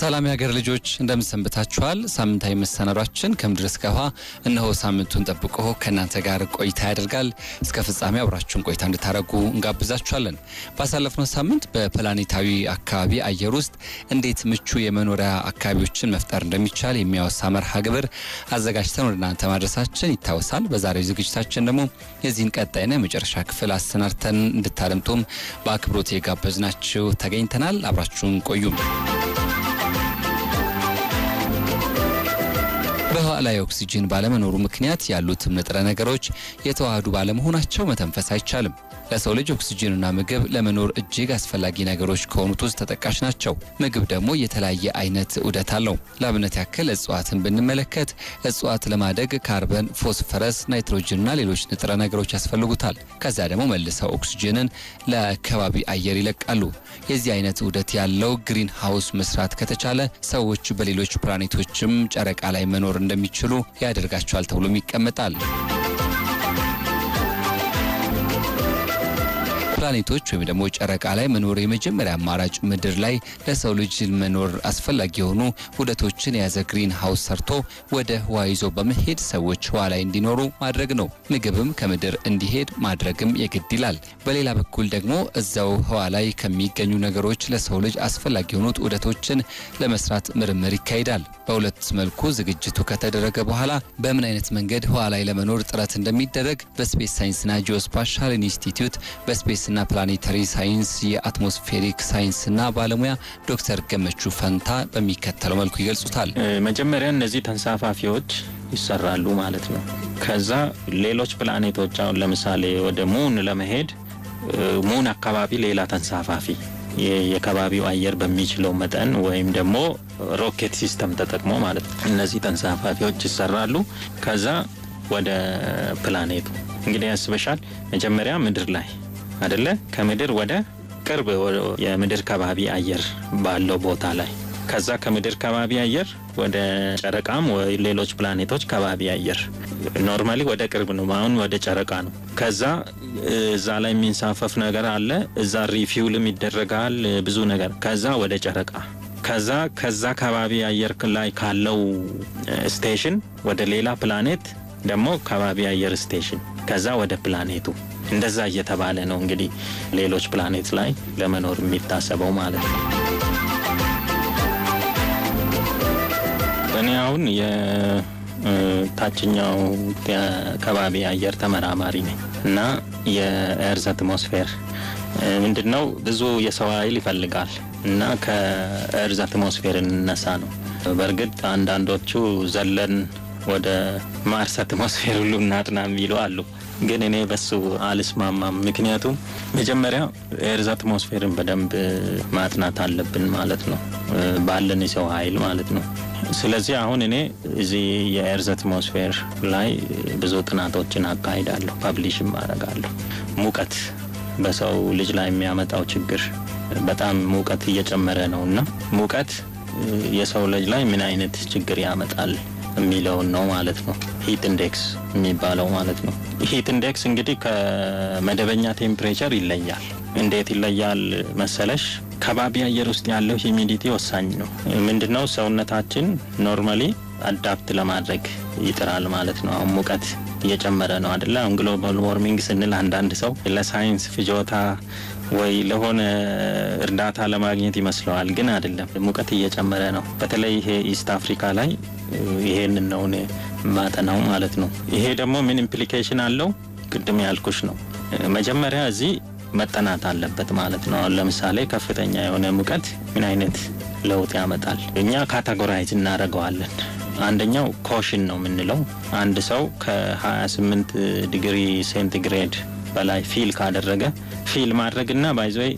ሰላም የሀገር ልጆች እንደምንሰንብታችኋል። ሳምንታዊ መሰናዷችን ከምድር እስከ ውሃ እነሆ ሳምንቱን ጠብቆ ከእናንተ ጋር ቆይታ ያደርጋል። እስከ ፍጻሜ አብራችሁን ቆይታ እንድታደረጉ እንጋብዛችኋለን። ባሳለፍነው ሳምንት በፕላኔታዊ አካባቢ አየር ውስጥ እንዴት ምቹ የመኖሪያ አካባቢዎችን መፍጠር እንደሚቻል የሚያወሳ መርሃ ግብር አዘጋጅተን ወደ እናንተ ማድረሳችን ይታወሳል። በዛሬው ዝግጅታችን ደግሞ የዚህን ቀጣይና የመጨረሻ ክፍል አሰናድተን እንድታደምጡም በአክብሮት የጋበዝናችሁ ተገኝተናል። አብራችሁን ቆዩም ላይ ኦክሲጅን ባለመኖሩ ምክንያት ያሉትም ንጥረ ነገሮች የተዋህዱ ባለመሆናቸው መተንፈስ አይቻልም። ለሰው ልጅ ኦክሲጅንና ምግብ ለመኖር እጅግ አስፈላጊ ነገሮች ከሆኑት ውስጥ ተጠቃሽ ናቸው። ምግብ ደግሞ የተለያየ አይነት ዑደት አለው። ለአብነት ያክል እጽዋትን ብንመለከት እጽዋት ለማደግ ካርበን፣ ፎስፈረስ፣ ናይትሮጅንና ሌሎች ንጥረ ነገሮች ያስፈልጉታል። ከዛ ደግሞ መልሰው ኦክሲጅንን ለአካባቢ አየር ይለቃሉ። የዚህ አይነት ዑደት ያለው ግሪን ሃውስ መስራት ከተቻለ ሰዎች በሌሎች ፕላኔቶችም ጨረቃ ላይ መኖር እንደሚ እንደሚችሉ ያደርጋቸዋል ተብሎም ይቀመጣል። ፕላኔቶች ወይም ደግሞ ጨረቃ ላይ መኖር የመጀመሪያ አማራጭ ምድር ላይ ለሰው ልጅ መኖር አስፈላጊ የሆኑ ውህደቶችን የያዘ ግሪን ሀውስ ሰርቶ ወደ ህዋ ይዞ በመሄድ ሰዎች ህዋ ላይ እንዲኖሩ ማድረግ ነው። ምግብም ከምድር እንዲሄድ ማድረግም የግድ ይላል። በሌላ በኩል ደግሞ እዛው ህዋ ላይ ከሚገኙ ነገሮች ለሰው ልጅ አስፈላጊ የሆኑት ውህደቶችን ለመስራት ምርምር ይካሄዳል። በሁለት መልኩ ዝግጅቱ ከተደረገ በኋላ በምን አይነት መንገድ ህዋ ላይ ለመኖር ጥረት እንደሚደረግ በስፔስ ሳይንስና ጂኦስፓሻል ኢንስቲትዩት በስፔስና የኢትዮጵያና ፕላኔታሪ ሳይንስ የአትሞስፌሪክ ሳይንስና ባለሙያ ዶክተር ገመቹ ፈንታ በሚከተለው መልኩ ይገልጹታል። መጀመሪያ እነዚህ ተንሳፋፊዎች ይሰራሉ ማለት ነው። ከዛ ሌሎች ፕላኔቶች አሁን ለምሳሌ ወደ ሙን ለመሄድ ሙን አካባቢ ሌላ ተንሳፋፊ የከባቢው አየር በሚችለው መጠን ወይም ደግሞ ሮኬት ሲስተም ተጠቅሞ ማለት ነው እነዚህ ተንሳፋፊዎች ይሰራሉ። ከዛ ወደ ፕላኔቱ እንግዲህ ያስበሻል መጀመሪያ ምድር ላይ አደለ? ከምድር ወደ ቅርብ የምድር ከባቢ አየር ባለው ቦታ ላይ ከዛ ከምድር ከባቢ አየር ወደ ጨረቃም ሌሎች ፕላኔቶች ከባቢ አየር ኖርማሊ ወደ ቅርብ ነው። አሁን ወደ ጨረቃ ነው። ከዛ እዛ ላይ የሚንሳፈፍ ነገር አለ። እዛ ሪፊውልም ይደረጋል ብዙ ነገር። ከዛ ወደ ጨረቃ ከዛ ከዛ ከባቢ አየር ላይ ካለው ስቴሽን ወደ ሌላ ፕላኔት ደግሞ ከባቢ አየር ስቴሽን ከዛ ወደ ፕላኔቱ እንደዛ እየተባለ ነው እንግዲህ ሌሎች ፕላኔት ላይ ለመኖር የሚታሰበው ማለት ነው። እኔ አሁን የታችኛው ከባቢ አየር ተመራማሪ ነኝ እና የኤርዝ አትሞስፌር ምንድን ነው ብዙ የሰው ኃይል ይፈልጋል እና ከኤርዝ አትሞስፌር እንነሳ ነው። በእርግጥ አንዳንዶቹ ዘለን ወደ ማርስ አትሞስፌር ሁሉ እናጥና የሚሉ አሉ። ግን እኔ በሱ አልስማማም። ምክንያቱም መጀመሪያ ኤርዝ አትሞስፌርን በደንብ ማጥናት አለብን ማለት ነው፣ ባለን የሰው ኃይል ማለት ነው። ስለዚህ አሁን እኔ እዚህ የኤርዝ አትሞስፌር ላይ ብዙ ጥናቶችን አካሂዳለሁ፣ ፐብሊሽም አደርጋለሁ። ሙቀት በሰው ልጅ ላይ የሚያመጣው ችግር በጣም ሙቀት እየጨመረ ነው እና ሙቀት የሰው ልጅ ላይ ምን አይነት ችግር ያመጣል የሚለውን ነው ማለት ነው። ሂት ኢንዴክስ የሚባለው ማለት ነው። ሂት ኢንዴክስ እንግዲህ ከመደበኛ ቴምፕሬቸር ይለያል። እንዴት ይለያል መሰለሽ? ከባቢ አየር ውስጥ ያለው ሂሚዲቲ ወሳኝ ነው። ምንድነው ሰውነታችን ኖርማሊ አዳፕት ለማድረግ ይጥራል ማለት ነው። አሁን ሙቀት እየጨመረ ነው አደለ? አሁን ግሎባል ዋርሚንግ ስንል አንዳንድ ሰው ለሳይንስ ፍጆታ ወይ ለሆነ እርዳታ ለማግኘት ይመስለዋል፣ ግን አይደለም። ሙቀት እየጨመረ ነው። በተለይ ይሄ ኢስት አፍሪካ ላይ ይሄንን ነው ማጠናው ማለት ነው። ይሄ ደግሞ ምን ኢምፕሊኬሽን አለው? ቅድም ያልኩሽ ነው። መጀመሪያ እዚህ መጠናት አለበት ማለት ነው። አሁን ለምሳሌ ከፍተኛ የሆነ ሙቀት ምን አይነት ለውጥ ያመጣል? እኛ ካታጎራይዝ እናደርገዋለን። አንደኛው ኮሽን ነው የምንለው አንድ ሰው ከ28 ዲግሪ ሴንቲግሬድ በላይ ፊል ካደረገ ፊል ማድረግና ባይዘይ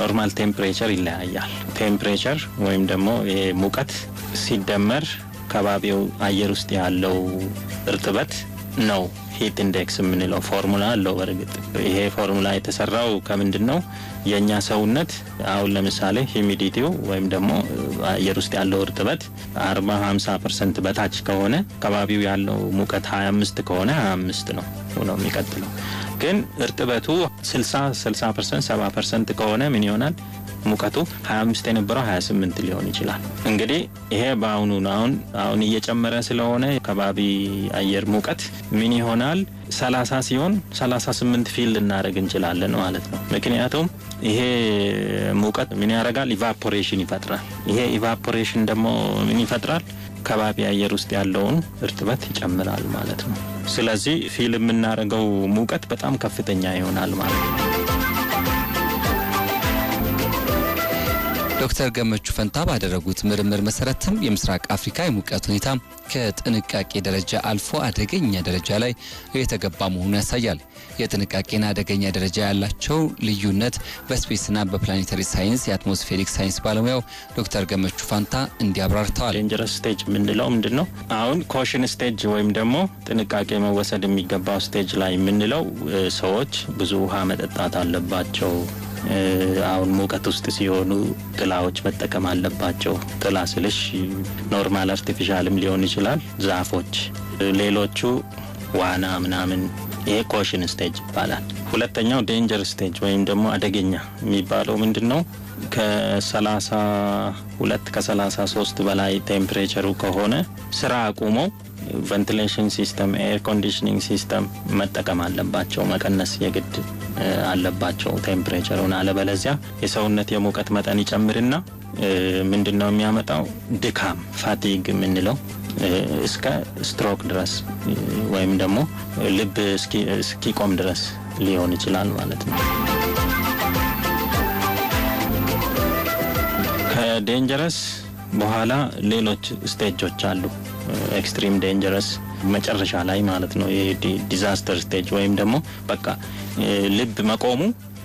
ኖርማል ቴምፕሬቸር ይለያያል። ቴምፕሬቸር ወይም ደግሞ ሙቀት ሲደመር ከባቢው አየር ውስጥ ያለው እርጥበት ነው ሂት ኢንዴክስ የምንለው ፎርሙላ አለው። በእርግጥ ይሄ ፎርሙላ የተሰራው ከምንድን ነው? የእኛ ሰውነት አሁን ለምሳሌ ሂሚዲቲው ወይም ደግሞ አየር ውስጥ ያለው እርጥበት አርባ ሀምሳ ፐርሰንት በታች ከሆነ ከባቢው ያለው ሙቀት 25 ከሆነ 25 ነው ነው የሚቀጥለው ግን እርጥበቱ 60 60 ፐርሰንት 70 ፐርሰንት ከሆነ ምን ይሆናል? ሙቀቱ 25 የነበረው 28 ሊሆን ይችላል። እንግዲህ ይሄ በአሁኑ አሁን አሁን እየጨመረ ስለሆነ ከባቢ አየር ሙቀት ምን ይሆናል? 30 ሲሆን 38 ፊል ልናደረግ እንችላለን ማለት ነው። ምክንያቱም ይሄ ሙቀት ምን ያደርጋል? ኢቫፖሬሽን ይፈጥራል። ይሄ ኢቫፖሬሽን ደግሞ ምን ይፈጥራል? ከባቢ አየር ውስጥ ያለውን እርጥበት ይጨምራል ማለት ነው። ስለዚህ ፊል የምናደርገው ሙቀት በጣም ከፍተኛ ይሆናል ማለት ነው። ዶክተር ገመቹ ፈንታ ባደረጉት ምርምር መሰረትም የምስራቅ አፍሪካ የሙቀት ሁኔታ ከጥንቃቄ ደረጃ አልፎ አደገኛ ደረጃ ላይ የተገባ መሆኑን ያሳያል። የጥንቃቄና አደገኛ ደረጃ ያላቸው ልዩነት በስፔስና በፕላኔታሪ ሳይንስ የአትሞስፌሪክ ሳይንስ ባለሙያው ዶክተር ገመቹ ፋንታ እንዲያብራርተዋል። ዴንጀረስ ስቴጅ የምንለው ምንድን ነው? አሁን ኮሽን ስቴጅ ወይም ደግሞ ጥንቃቄ መወሰድ የሚገባው ስቴጅ ላይ የምንለው ሰዎች ብዙ ውሃ መጠጣት አለባቸው አሁን ሙቀት ውስጥ ሲሆኑ ጥላዎች መጠቀም አለባቸው። ጥላ ስልሽ ኖርማል አርቲፊሻልም ሊሆን ይችላል። ዛፎች፣ ሌሎቹ ዋና ምናምን፣ ይሄ ኮሽን ስቴጅ ይባላል። ሁለተኛው ዴንጀር ስቴጅ ወይም ደግሞ አደገኛ የሚባለው ምንድን ነው? ከሰላሳ ሁለት ከሰላሳ ሶስት በላይ ቴምፕሬቸሩ ከሆነ ስራ አቁመው ቬንቲሌሽን ሲስተም፣ ኤር ኮንዲሽኒንግ ሲስተም መጠቀም አለባቸው። መቀነስ የግድ አለባቸው ቴምፕሬቸሩን። አለበለዚያ የሰውነት የሙቀት መጠን ይጨምርና ምንድን ነው የሚያመጣው ድካም ፋቲግ የምንለው እስከ ስትሮክ ድረስ ወይም ደግሞ ልብ እስኪቆም ድረስ ሊሆን ይችላል ማለት ነው። ከዴንጀረስ በኋላ ሌሎች ስቴጆች አሉ። ኤክስትሪም ዴንጀረስ መጨረሻ ላይ ማለት ነው። ዲዛስተር ስቴጅ ወይም ደግሞ በቃ ልብ መቆሙ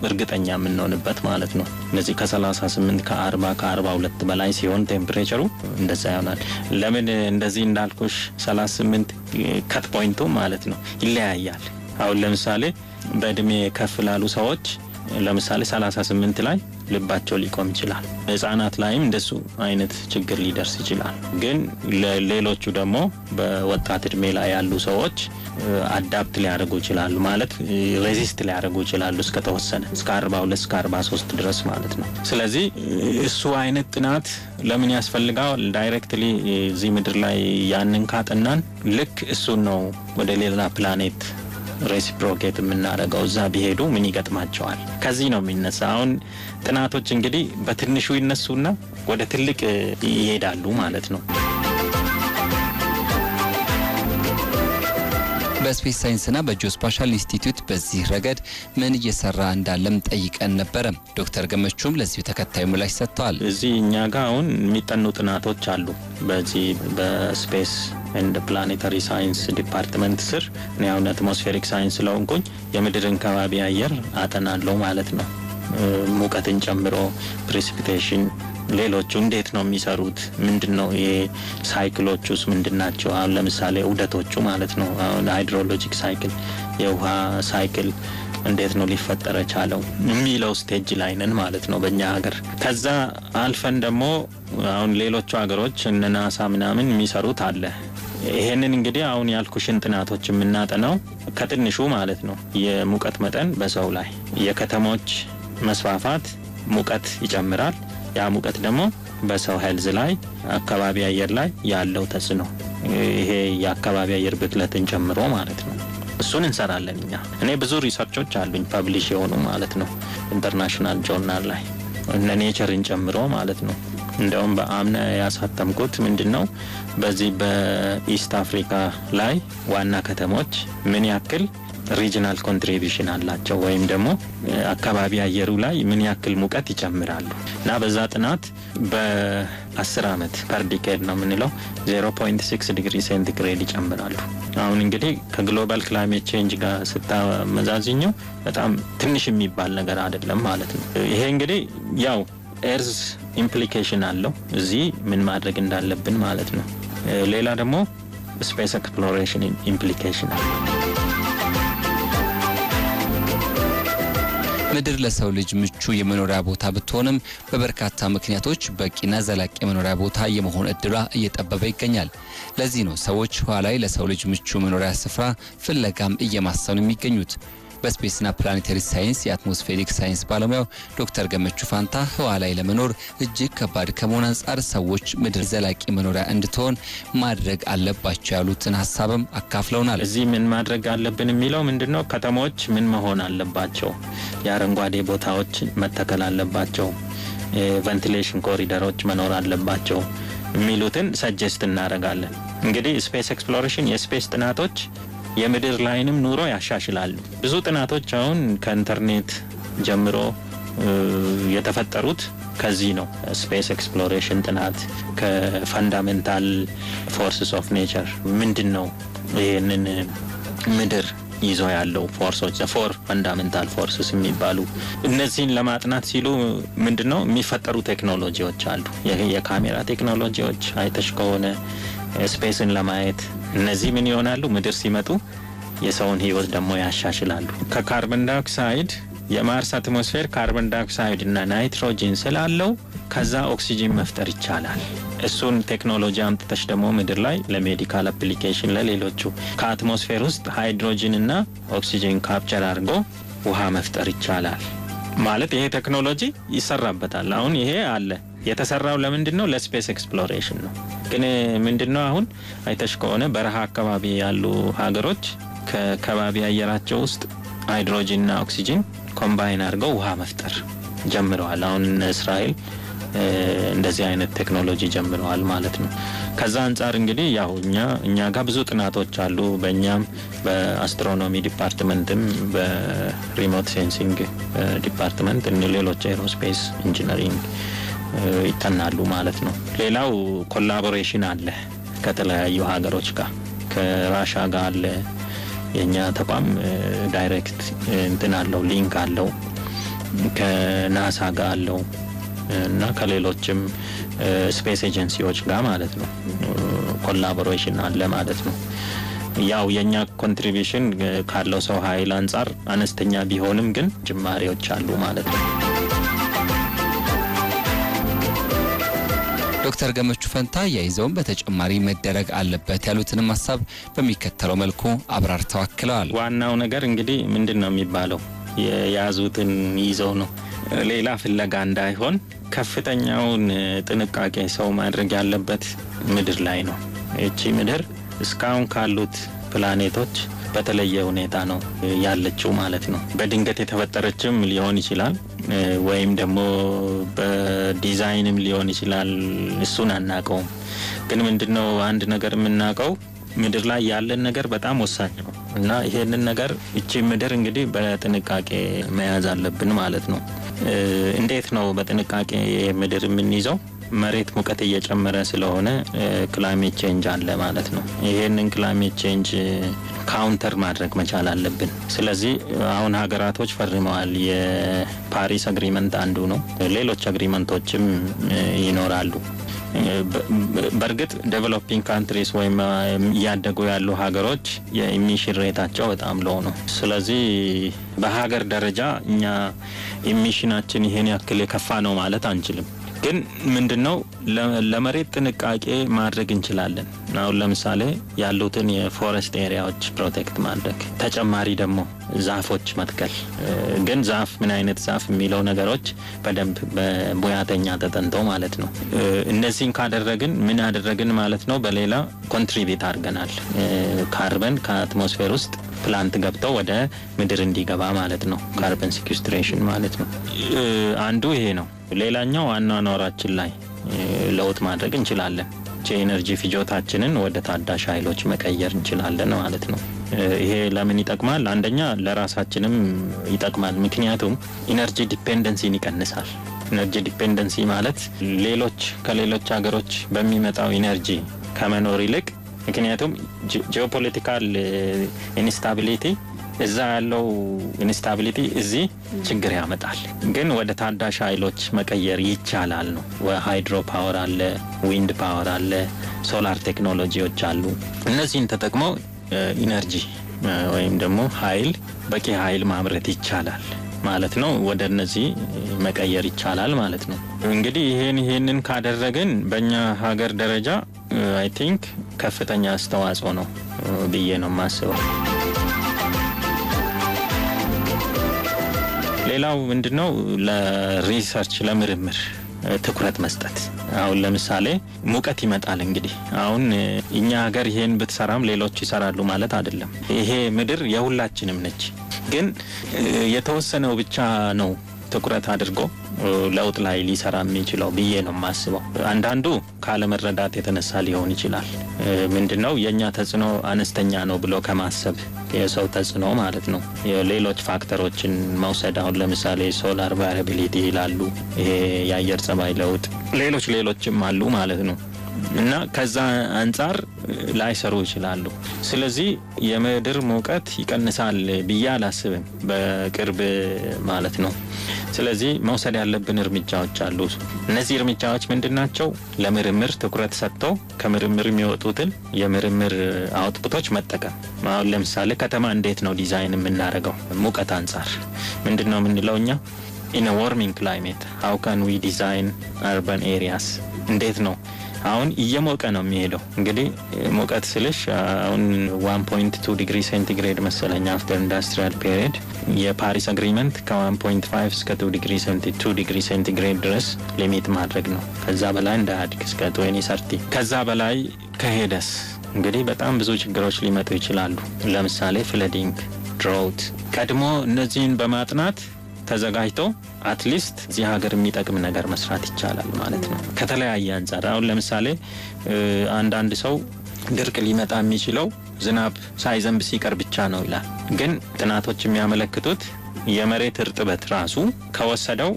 እርግጠኛ የምንሆንበት ማለት ነው። እነዚህ ከ38 ከ40 ከ42 በላይ ሲሆን ቴምፕሬቸሩ እንደዛ ይሆናል። ለምን እንደዚህ እንዳልኩሽ 38 ከት ፖይንቱ ማለት ነው ይለያያል። አሁን ለምሳሌ በእድሜ ከፍ ላሉ ሰዎች ለምሳሌ 38 ላይ ልባቸው ሊቆም ይችላል። ህጻናት ላይም እንደሱ አይነት ችግር ሊደርስ ይችላል። ግን ሌሎቹ ደግሞ በወጣት እድሜ ላይ ያሉ ሰዎች አዳፕት ሊያደርጉ ይችላሉ ማለት ሬዚስት ሊያደርጉ ይችላሉ እስከተወሰነ እስከ 42 እስከ 43 ድረስ ማለት ነው። ስለዚህ እሱ አይነት ጥናት ለምን ያስፈልጋል? ዳይሬክትሊ እዚህ ምድር ላይ ያንን ካጠናን ልክ እሱን ነው ወደ ሌላ ፕላኔት ሬሲፕሮኬት የምናደርገው እዛ ቢሄዱ ምን ይገጥማቸዋል? ከዚህ ነው የሚነሳ። አሁን ጥናቶች እንግዲህ በትንሹ ይነሱና ወደ ትልቅ ይሄዳሉ ማለት ነው። በስፔስ ሳይንስና በጂኦስፓሻል ኢንስቲትዩት በዚህ ረገድ ምን እየሰራ እንዳለም ጠይቀን ነበረ። ዶክተር ገመቹም ለዚሁ ተከታዩ ምላሽ ሰጥተዋል። እዚህ እኛ ጋር አሁን የሚጠኑ ጥናቶች አሉ በዚህ በስፔስ እንደ ፕላኔታሪ ሳይንስ ዲፓርትመንት ስር እኔ አሁን አትሞስፌሪክ ሳይንስ ስለሆንኩኝ የምድርን ከባቢ አየር አጠናለው ማለት ነው። ሙቀትን ጨምሮ ፕሬሲፒቴሽን፣ ሌሎቹ እንዴት ነው የሚሰሩት? ምንድን ነው ሳይክሎች ውስጥ ምንድን ናቸው? አሁን ለምሳሌ እውደቶቹ ማለት ነው። አሁን ሃይድሮሎጂክ ሳይክል የውሃ ሳይክል እንዴት ነው ሊፈጠረ ቻለው የሚለው ስቴጅ ላይ ነን ማለት ነው በእኛ ሀገር። ከዛ አልፈን ደግሞ አሁን ሌሎቹ ሀገሮች እነ ናሳ ምናምን የሚሰሩት አለ ይሄንን እንግዲህ አሁን ያልኩሽን ጥናቶች የምናጠናው ከትንሹ ማለት ነው የሙቀት መጠን በሰው ላይ የከተሞች መስፋፋት ሙቀት ይጨምራል። ያ ሙቀት ደግሞ በሰው ሄልዝ ላይ አካባቢ አየር ላይ ያለው ተጽዕኖ ይሄ የአካባቢ አየር ብክለትን ጨምሮ ማለት ነው። እሱን እንሰራለን እኛ። እኔ ብዙ ሪሰርቾች አሉኝ ፐብሊሽ የሆኑ ማለት ነው ኢንተርናሽናል ጆርናል ላይ እነ ኔቸርን ጨምሮ ማለት ነው እንደውም በአምና ያሳተምኩት ምንድን ነው በዚህ በኢስት አፍሪካ ላይ ዋና ከተሞች ምን ያክል ሪጅናል ኮንትሪቢሽን አላቸው ወይም ደግሞ አካባቢ አየሩ ላይ ምን ያክል ሙቀት ይጨምራሉ እና በዛ ጥናት በ10 ዓመት ፐርዲኬድ ነው የምንለው 0.6 ዲግሪ ሴንቲግሬድ ይጨምራሉ። አሁን እንግዲህ ከግሎባል ክላይሜት ቼንጅ ጋር ስታመዛዝኘው በጣም ትንሽ የሚባል ነገር አይደለም ማለት ነው። ይሄ እንግዲህ ያው ኤርዝ ኢምፕሊኬሽን አለው እዚህ ምን ማድረግ እንዳለብን ማለት ነው። ሌላ ደግሞ ስፔስ ኤክስፕሎሬሽን ኢምፕሊኬሽን አለ ምድር ለሰው ልጅ ምቹ የመኖሪያ ቦታ ብትሆንም በበርካታ ምክንያቶች በቂና ዘላቂ የመኖሪያ ቦታ የመሆን እድሏ እየጠበበ ይገኛል። ለዚህ ነው ሰዎች ህዋ ላይ ለሰው ልጅ ምቹ መኖሪያ ስፍራ ፍለጋም እየማሰኑ የሚገኙት። በስፔስና ፕላኔተሪ ሳይንስ የአትሞስፌሪክ ሳይንስ ባለሙያው ዶክተር ገመቹ ፋንታ ህዋ ላይ ለመኖር እጅግ ከባድ ከመሆን አንጻር ሰዎች ምድር ዘላቂ መኖሪያ እንድትሆን ማድረግ አለባቸው ያሉትን ሀሳብም አካፍለውናል። እዚህ ምን ማድረግ አለብን የሚለው ምንድን ነው? ከተሞች ምን መሆን አለባቸው? የአረንጓዴ ቦታዎች መተከል አለባቸው፣ ቬንቲሌሽን ኮሪደሮች መኖር አለባቸው የሚሉትን ሰጀስት እናደርጋለን። እንግዲህ ስፔስ ኤክስፕሎሬሽን የስፔስ ጥናቶች የምድር ላይንም ኑሮ ያሻሽላሉ። ብዙ ጥናቶች አሁን ከኢንተርኔት ጀምሮ የተፈጠሩት ከዚህ ነው። ስፔስ ኤክስፕሎሬሽን ጥናት ከፈንዳሜንታል ፎርስስ ኦፍ ኔቸር ምንድን ነው ይህንን ምድር ይዞ ያለው ፎርሶች ፎር ፈንዳሜንታል ፎርስስ የሚባሉ እነዚህን ለማጥናት ሲሉ ምንድን ነው የሚፈጠሩ ቴክኖሎጂዎች አሉ። የካሜራ ቴክኖሎጂዎች አይተሽ ከሆነ ስፔስን ለማየት እነዚህ ምን ይሆናሉ? ምድር ሲመጡ የሰውን ህይወት ደግሞ ያሻሽላሉ። ከካርበን ዳይኦክሳይድ የማርስ አትሞስፌር ካርበን ዳይኦክሳይድ እና ናይትሮጂን ስላለው ከዛ ኦክሲጂን መፍጠር ይቻላል። እሱን ቴክኖሎጂ አምጥተሽ ደግሞ ምድር ላይ ለሜዲካል አፕሊኬሽን ለሌሎቹ ከአትሞስፌር ውስጥ ሃይድሮጂን እና ኦክሲጂን ካፕቸር አድርጎ ውሃ መፍጠር ይቻላል ማለት ይሄ ቴክኖሎጂ ይሰራበታል። አሁን ይሄ አለ። የተሰራው ለምንድን ነው? ለስፔስ ኤክስፕሎሬሽን ነው። ግን ምንድን ነው አሁን አይተሽ ከሆነ በረሃ አካባቢ ያሉ ሀገሮች ከከባቢ አየራቸው ውስጥ ሃይድሮጂንና ኦክሲጂን ኮምባይን አድርገው ውሃ መፍጠር ጀምረዋል። አሁን እስራኤል እንደዚህ አይነት ቴክኖሎጂ ጀምረዋል ማለት ነው። ከዛ አንጻር እንግዲህ ያው እኛ እኛ ጋር ብዙ ጥናቶች አሉ። በእኛም በአስትሮኖሚ ዲፓርትመንትም በሪሞት ሴንሲንግ ዲፓርትመንት ሌሎች ኤሮስፔስ ኢንጂነሪንግ ይጠናሉ ማለት ነው። ሌላው ኮላቦሬሽን አለ ከተለያዩ ሀገሮች ጋር ከራሻ ጋር አለ። የእኛ ተቋም ዳይሬክት እንትን አለው ሊንክ አለው ከናሳ ጋር አለው እና ከሌሎችም ስፔስ ኤጀንሲዎች ጋር ማለት ነው ኮላቦሬሽን አለ ማለት ነው። ያው የእኛ ኮንትሪቢሽን ካለው ሰው ኃይል አንጻር አነስተኛ ቢሆንም ግን ጅማሬዎች አሉ ማለት ነው። ዶክተር ገመቹ ፈንታ አያይዘውም በተጨማሪ መደረግ አለበት ያሉትንም ሀሳብ በሚከተለው መልኩ አብራርተው አክለዋል። ዋናው ነገር እንግዲህ ምንድን ነው የሚባለው የያዙትን ይዘው ነው ሌላ ፍለጋ እንዳይሆን ከፍተኛውን ጥንቃቄ ሰው ማድረግ ያለበት ምድር ላይ ነው። እቺ ምድር እስካሁን ካሉት ፕላኔቶች በተለየ ሁኔታ ነው ያለችው ማለት ነው። በድንገት የተፈጠረችም ሊሆን ይችላል ወይም ደግሞ በዲዛይንም ሊሆን ይችላል። እሱን አናውቀውም። ግን ምንድነው አንድ ነገር የምናውቀው ምድር ላይ ያለን ነገር በጣም ወሳኝ ነው እና ይሄንን ነገር እቺ ምድር እንግዲህ በጥንቃቄ መያዝ አለብን ማለት ነው። እንዴት ነው በጥንቃቄ ምድር የምንይዘው? መሬት ሙቀት እየጨመረ ስለሆነ ክላይሜት ቼንጅ አለ ማለት ነው። ይህንን ክላይሜት ቼንጅ ካውንተር ማድረግ መቻል አለብን። ስለዚህ አሁን ሀገራቶች ፈርመዋል። የፓሪስ አግሪመንት አንዱ ነው። ሌሎች አግሪመንቶችም ይኖራሉ። በእርግጥ ዴቨሎፒንግ ካንትሪስ ወይም እያደጉ ያሉ ሀገሮች የኢሚሽን ሬታቸው በጣም ሎ ነው። ስለዚህ በሀገር ደረጃ እኛ ኢሚሽናችን ይሄን ያክል የከፋ ነው ማለት አንችልም። ግን ምንድነው ለመሬት ጥንቃቄ ማድረግ እንችላለን። አሁን ለምሳሌ ያሉትን የፎረስት ኤሪያዎች ፕሮቴክት ማድረግ፣ ተጨማሪ ደግሞ ዛፎች መትከል። ግን ዛፍ ምን አይነት ዛፍ የሚለው ነገሮች በደንብ በሙያተኛ ተጠንቶ ማለት ነው። እነዚህን ካደረግን ምን አደረግን ማለት ነው፣ በሌላ ኮንትሪቢዩት አድርገናል። ካርበን ከአትሞስፌር ውስጥ ፕላንት ገብተው ወደ ምድር እንዲገባ ማለት ነው። ካርበን ሲኩስትሬሽን ማለት ነው። አንዱ ይሄ ነው። ሌላኛው አኗኗራችን ላይ ለውጥ ማድረግ እንችላለን። የኤነርጂ ፍጆታችንን ወደ ታዳሽ ኃይሎች መቀየር እንችላለን ማለት ነው። ይሄ ለምን ይጠቅማል? አንደኛ ለራሳችንም ይጠቅማል። ምክንያቱም ኢነርጂ ዲፔንደንሲን ይቀንሳል። ኢነርጂ ዲፔንደንሲ ማለት ሌሎች ከሌሎች ሀገሮች በሚመጣው ኢነርጂ ከመኖር ይልቅ ምክንያቱም ጂኦፖለቲካል ኢንስታቢሊቲ እዛ ያለው ኢንስታቢሊቲ እዚህ ችግር ያመጣል። ግን ወደ ታዳሽ ኃይሎች መቀየር ይቻላል ነው። ሃይድሮ ፓወር አለ፣ ዊንድ ፓወር አለ፣ ሶላር ቴክኖሎጂዎች አሉ። እነዚህን ተጠቅሞ ኢነርጂ ወይም ደግሞ ኃይል በቂ ኃይል ማምረት ይቻላል ማለት ነው። ወደ እነዚህ መቀየር ይቻላል ማለት ነው። እንግዲህ ይሄን ይሄንን ካደረግን በእኛ ሀገር ደረጃ አይ ቲንክ ከፍተኛ አስተዋጽኦ ነው ብዬ ነው የማስበው። ሌላው ምንድነው ለሪሰርች ለምርምር ትኩረት መስጠት። አሁን ለምሳሌ ሙቀት ይመጣል። እንግዲህ አሁን እኛ ሀገር ይሄን ብትሰራም ሌሎች ይሰራሉ ማለት አይደለም። ይሄ ምድር የሁላችንም ነች። ግን የተወሰነው ብቻ ነው ትኩረት አድርጎ ለውጥ ላይ ሊሰራ የሚችለው ብዬ ነው የማስበው። አንዳንዱ ካለመረዳት የተነሳ ሊሆን ይችላል። ምንድነው የእኛ ተጽዕኖ አነስተኛ ነው ብሎ ከማሰብ የሰው ተጽዕኖ ማለት ነው። ሌሎች ፋክተሮችን መውሰድ አሁን ለምሳሌ ሶላር ቫሪያቢሊቲ ይላሉ። ይሄ የአየር ጸባይ ለውጥ፣ ሌሎች ሌሎችም አሉ ማለት ነው እና ከዛ አንጻር ላይሰሩ ይችላሉ። ስለዚህ የምድር ሙቀት ይቀንሳል ብዬ አላስብም በቅርብ ማለት ነው። ስለዚህ መውሰድ ያለብን እርምጃዎች አሉ። እነዚህ እርምጃዎች ምንድን ናቸው? ለምርምር ትኩረት ሰጥቶ ከምርምር የሚወጡትን የምርምር አውትፑቶች መጠቀም። አሁን ለምሳሌ ከተማ እንዴት ነው ዲዛይን የምናደርገው? ሙቀት አንጻር ምንድን ነው የምንለው እኛ ኢን ዋርሚንግ ክላይሜት ሃው ካን ዊ ዲዛይን አርባን ኤሪያስ እንዴት ነው አሁን እየሞቀ ነው የሚሄደው። እንግዲህ ሙቀት ስልሽ አሁን ዋን ፖይንት ቱ ዲግሪ ሴንቲግሬድ መሰለኝ አፍተር ኢንዱስትሪያል ፔሪድ የፓሪስ አግሪመንት ከዋን ፖይንት እስከ ቱ ዲግሪ ቱ ዲግሪ ሴንቲግሬድ ድረስ ሊሚት ማድረግ ነው። ከዛ በላይ እንዳያድግ እስከ ቶኒ ሰርቲ ከዛ በላይ ከሄደስ እንግዲህ በጣም ብዙ ችግሮች ሊመጡ ይችላሉ። ለምሳሌ ፍለዲንግ፣ ድሮውት ቀድሞ እነዚህን በማጥናት ተዘጋጅቶ አትሊስት እዚህ ሀገር የሚጠቅም ነገር መስራት ይቻላል ማለት ነው። ከተለያየ አንጻር አሁን ለምሳሌ አንዳንድ ሰው ድርቅ ሊመጣ የሚችለው ዝናብ ሳይዘንብ ሲቀር ብቻ ነው ይላል። ግን ጥናቶች የሚያመለክቱት የመሬት እርጥበት ራሱ ከወሰደው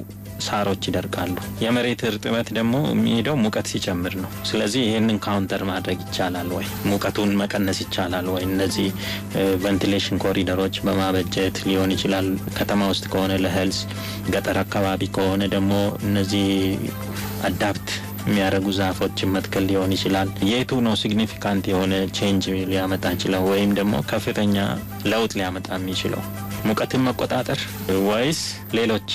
ሳሮች ይደርቃሉ። የመሬት እርጥበት ደግሞ የሚሄደው ሙቀት ሲጨምር ነው። ስለዚህ ይህንን ካውንተር ማድረግ ይቻላል ወይ? ሙቀቱን መቀነስ ይቻላል ወይ? እነዚህ ቬንቲሌሽን ኮሪደሮች በማበጀት ሊሆን ይችላል። ከተማ ውስጥ ከሆነ ለህልስ፣ ገጠር አካባቢ ከሆነ ደግሞ እነዚህ አዳፕት የሚያደርጉ ዛፎችን መትከል ሊሆን ይችላል። የቱ ነው ሲግኒፊካንት የሆነ ቼንጅ ሊያመጣ ይችለው ወይም ደግሞ ከፍተኛ ለውጥ ሊያመጣ የሚችለው? ሙቀትን መቆጣጠር ወይስ ሌሎች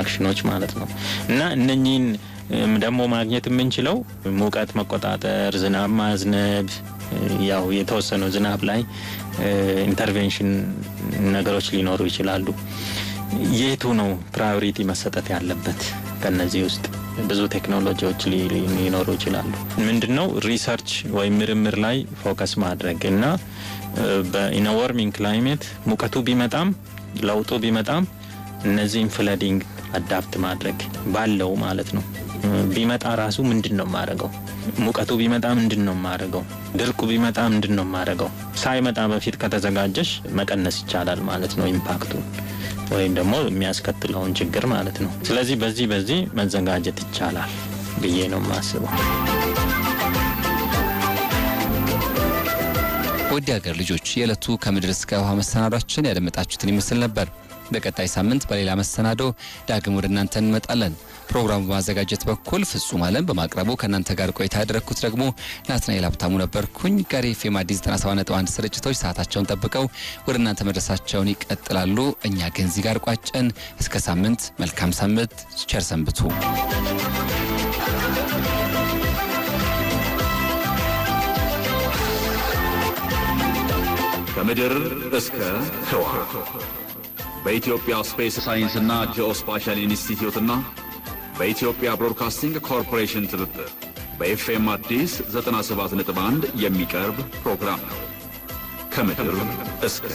አክሽኖች ማለት ነው እና እነኚህን ደግሞ ማግኘት የምንችለው ሙቀት መቆጣጠር፣ ዝናብ ማዝነብ ያው የተወሰኑ ዝናብ ላይ ኢንተርቬንሽን ነገሮች ሊኖሩ ይችላሉ። የቱ ነው ፕራዮሪቲ መሰጠት ያለበት ከነዚህ ውስጥ? ብዙ ቴክኖሎጂዎች ሊኖሩ ይችላሉ። ምንድነው ሪሰርች ወይም ምርምር ላይ ፎከስ ማድረግ እና በኢነወርሚንግ ክላይሜት ሙቀቱ ቢመጣም ለውጡ ቢመጣም እነዚህም ፍለዲንግ አዳፕት ማድረግ ባለው ማለት ነው ቢመጣ ራሱ ምንድን ነው የማደርገው ሙቀቱ ቢመጣ ምንድን ነው የማደርገው? ድርቁ ቢመጣ ምንድን ነው የማደርገው? ሳይመጣ በፊት ከተዘጋጀሽ መቀነስ ይቻላል ማለት ነው ኢምፓክቱ ወይም ደግሞ የሚያስከትለውን ችግር ማለት ነው። ስለዚህ በዚህ በዚህ መዘጋጀት ይቻላል ብዬ ነው የማስበው። ውድ ሀገር ልጆች የዕለቱ ከምድር እስከ ውሃ መሰናዷችን ያደመጣችሁትን ይመስል ነበር። በቀጣይ ሳምንት በሌላ መሰናዶ ዳግም ወደ እናንተ እንመጣለን። ፕሮግራሙ በማዘጋጀት በኩል ፍጹም አለም በማቅረቡ ከእናንተ ጋር ቆይታ ያደረግኩት ደግሞ ናትናኤል ሀብታሙ ነበርኩኝ። ጋር ኤፍኤም አዲስ 97.1 ስርጭቶች ሰዓታቸውን ጠብቀው ወደ እናንተ መድረሳቸውን ይቀጥላሉ። እኛ ግን እዚህ ጋር ቋጨን። እስከ ሳምንት፣ መልካም ሳምንት፣ ቸር ሰንብቱ። ከምድር እስከ ህዋ በኢትዮጵያ ስፔስ ሳይንስና ጂኦስፓሻል ኢንስቲትዩትና በኢትዮጵያ ብሮድካስቲንግ ኮርፖሬሽን ትብብር በኤፍኤም አዲስ 97.1 የሚቀርብ ፕሮግራም ነው። ከምድር እስከ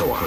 ህዋ